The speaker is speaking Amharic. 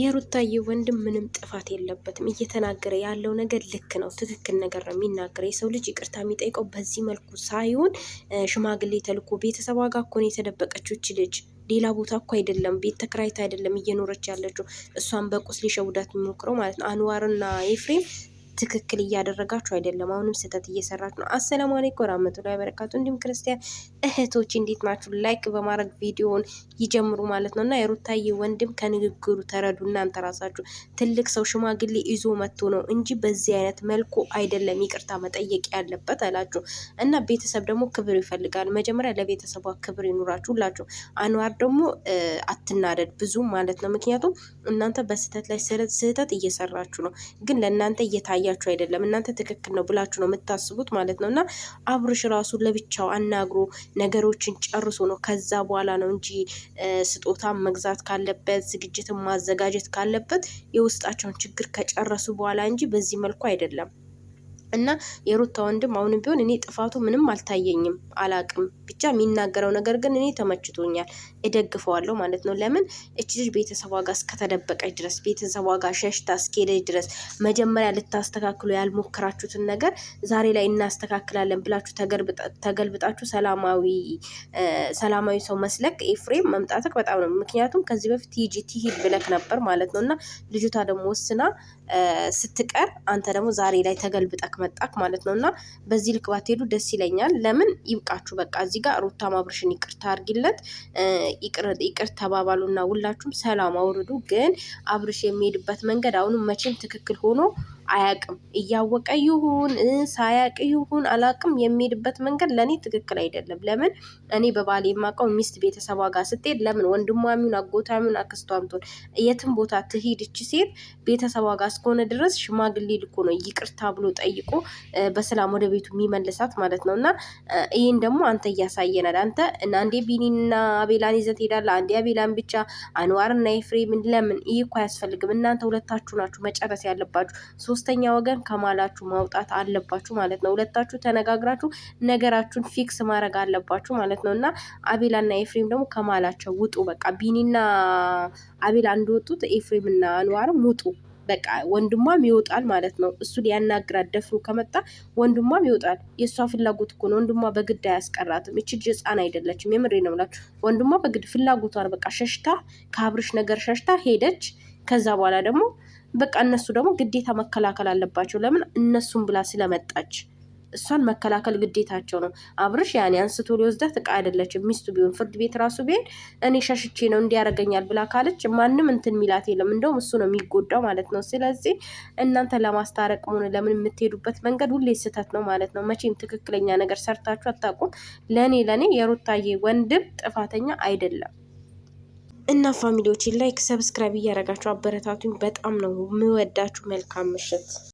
የሩታዬ ወንድም ምንም ጥፋት የለበትም። እየተናገረ ያለው ነገር ልክ ነው፣ ትክክል ነገር ነው የሚናገረ። የሰው ልጅ ይቅርታ የሚጠይቀው በዚህ መልኩ ሳይሆን ሽማግሌ ተልኮ ቤተሰቧ ጋር እኮ ነው ልጅ። ሌላ ቦታ እኮ አይደለም፣ ቤት ተከራይታ አይደለም እየኖረች ያለችው። እሷን በቁስ ሊሸውዳት የሚሞክረው ማለት ነው። አንዋርና ኤፍሬም ትክክል እያደረጋችሁ አይደለም። አሁንም ስህተት እየሰራችሁ ነው። አሰላሙ አለይኩም ወራህመቱላሂ ወበረካቱ። እንዲሁም ክርስቲያን እህቶች እንዴት ናችሁ? ላይክ በማድረግ ቪዲዮውን ይጀምሩ ማለት ነው እና የሩታዬ ወንድም ከንግግሩ ተረዱ። እናንተ ራሳችሁ ትልቅ ሰው ሽማግሌ ይዞ መጥቶ ነው እንጂ በዚህ አይነት መልኩ አይደለም ይቅርታ መጠየቅ ያለበት አላችሁ እና ቤተሰብ ደግሞ ክብር ይፈልጋል። መጀመሪያ ለቤተሰቧ ክብር ይኑራችሁ ሁላችሁ። አንዋር ደግሞ አትናደድ ብዙ ማለት ነው። ምክንያቱም እናንተ በስህተት ላይ ስህተት እየሰራችሁ ነው፣ ግን ለእናንተ እየታየ እያያችሁ አይደለም። እናንተ ትክክል ነው ብላችሁ ነው የምታስቡት ማለት ነው። እና አብርሽ ራሱ ለብቻው አናግሮ ነገሮችን ጨርሶ ነው ከዛ በኋላ ነው እንጂ ስጦታ መግዛት ካለበት ዝግጅትን ማዘጋጀት ካለበት የውስጣቸውን ችግር ከጨረሱ በኋላ እንጂ በዚህ መልኩ አይደለም። እና የሩታ ወንድም አሁንም ቢሆን እኔ ጥፋቱ ምንም አልታየኝም፣ አላቅም ብቻ የሚናገረው ነገር ግን እኔ ተመችቶኛል፣ እደግፈዋለሁ ማለት ነው። ለምን እች ልጅ ቤተሰቧ ጋር እስከተደበቀች ድረስ ቤተሰቧ ጋር ሸሽታ እስከሄደች ድረስ መጀመሪያ ልታስተካክሉ ያልሞከራችሁትን ነገር ዛሬ ላይ እናስተካክላለን ብላችሁ ተገልብጣችሁ ሰላማዊ ሰው መስለክ ኤፍሬም መምጣትክ በጣም ነው። ምክንያቱም ከዚህ በፊት ሂጂ ትሂድ ብለክ ነበር ማለት ነው እና ልጅቷ ደግሞ ወስና ስትቀር አንተ ደግሞ ዛሬ ላይ ተገልብጠክ መጣክ ማለት ነው። እና በዚህ ልክ ባትሄዱ ደስ ይለኛል። ለምን ይብቃችሁ። በቃ እዚህ ጋር ሩታ ማብርሽን ይቅርታ አርጊለት፣ ይቅር ተባባሉና ሁላችሁም ሰላም አውርዱ። ግን አብርሽ የሚሄድበት መንገድ አሁንም መቼም ትክክል ሆኖ አያቅም። እያወቀ ይሁን ሳያቅ ይሁን አላቅም የሚሄድበት መንገድ ለእኔ ትክክል አይደለም። ለምን እኔ በባል የማውቀው ሚስት ቤተሰቧ ጋር ስትሄድ ለምን ወንድሟሚሁን አጎታሚሁን አክስቷም ትሆን የትም ቦታ ትሄድ እቺ ሴት ቤተሰቧ ጋር እስከሆነ ድረስ ሽማግሌ ልኮ ነው ይቅርታ ብሎ ጠይቆ በሰላም ወደ ቤቱ የሚመልሳት ማለት ነው። እና ይህን ደግሞ አንተ እያሳየናል። አንተ አንዴ ቢኒና አቤላን ይዘት ሄዳለ፣ አንዴ አቤላን ብቻ አንዋርና ኤፍሬምን ለምን? ይህ እኮ አያስፈልግም። እናንተ ሁለታችሁ ናችሁ መጨረስ ያለባችሁ ሶስት ሶስተኛ ወገን ከማላችሁ ማውጣት አለባችሁ ማለት ነው። ሁለታችሁ ተነጋግራችሁ ነገራችሁን ፊክስ ማድረግ አለባችሁ ማለት ነው እና አቤላና ኤፍሬም ደግሞ ከማላቸው ውጡ። በቃ ቢኒና አቤላ እንደወጡት ኤፍሬምና አንዋርም ውጡ። በቃ ወንድሟም ይወጣል ማለት ነው። እሱ ሊያናግራት ደፍሮ ከመጣ ወንድሟም ይወጣል። የእሷ ፍላጎት እኮ ነው። ወንድሟ በግድ አያስቀራትም። እች ልጅ አይደለችም። የምሬ ነው ምላችሁ። ወንድሟ በግድ ፍላጎቷን በቃ ሸሽታ ከአብርሽ ነገር ሸሽታ ሄደች። ከዛ በኋላ ደግሞ በቃ እነሱ ደግሞ ግዴታ መከላከል አለባቸው። ለምን እነሱን ብላ ስለመጣች እሷን መከላከል ግዴታቸው ነው። አብርሽ ያኔ አንስቶ ሊወስዳት እቃ አይደለችም። ሚስቱ ቢሆን ፍርድ ቤት ራሱ ቢሄድ እኔ ሸሽቼ ነው እንዲያደርገኛል ብላ ካለች ማንም እንትን ሚላት የለም። እንደውም እሱ ነው የሚጎዳው ማለት ነው። ስለዚህ እናንተ ለማስታረቅ ሆነ ለምን የምትሄዱበት መንገድ ሁሌ ስህተት ነው ማለት ነው። መቼም ትክክለኛ ነገር ሰርታችሁ አታውቁም። ለእኔ ለእኔ የሩታዬ ወንድም ጥፋተኛ አይደለም። እና ፋሚሊዎችን ላይክ፣ ሰብስክራይብ እያደረጋችሁ አበረታቱኝ። በጣም ነው የምወዳችሁ። መልካም ምሽት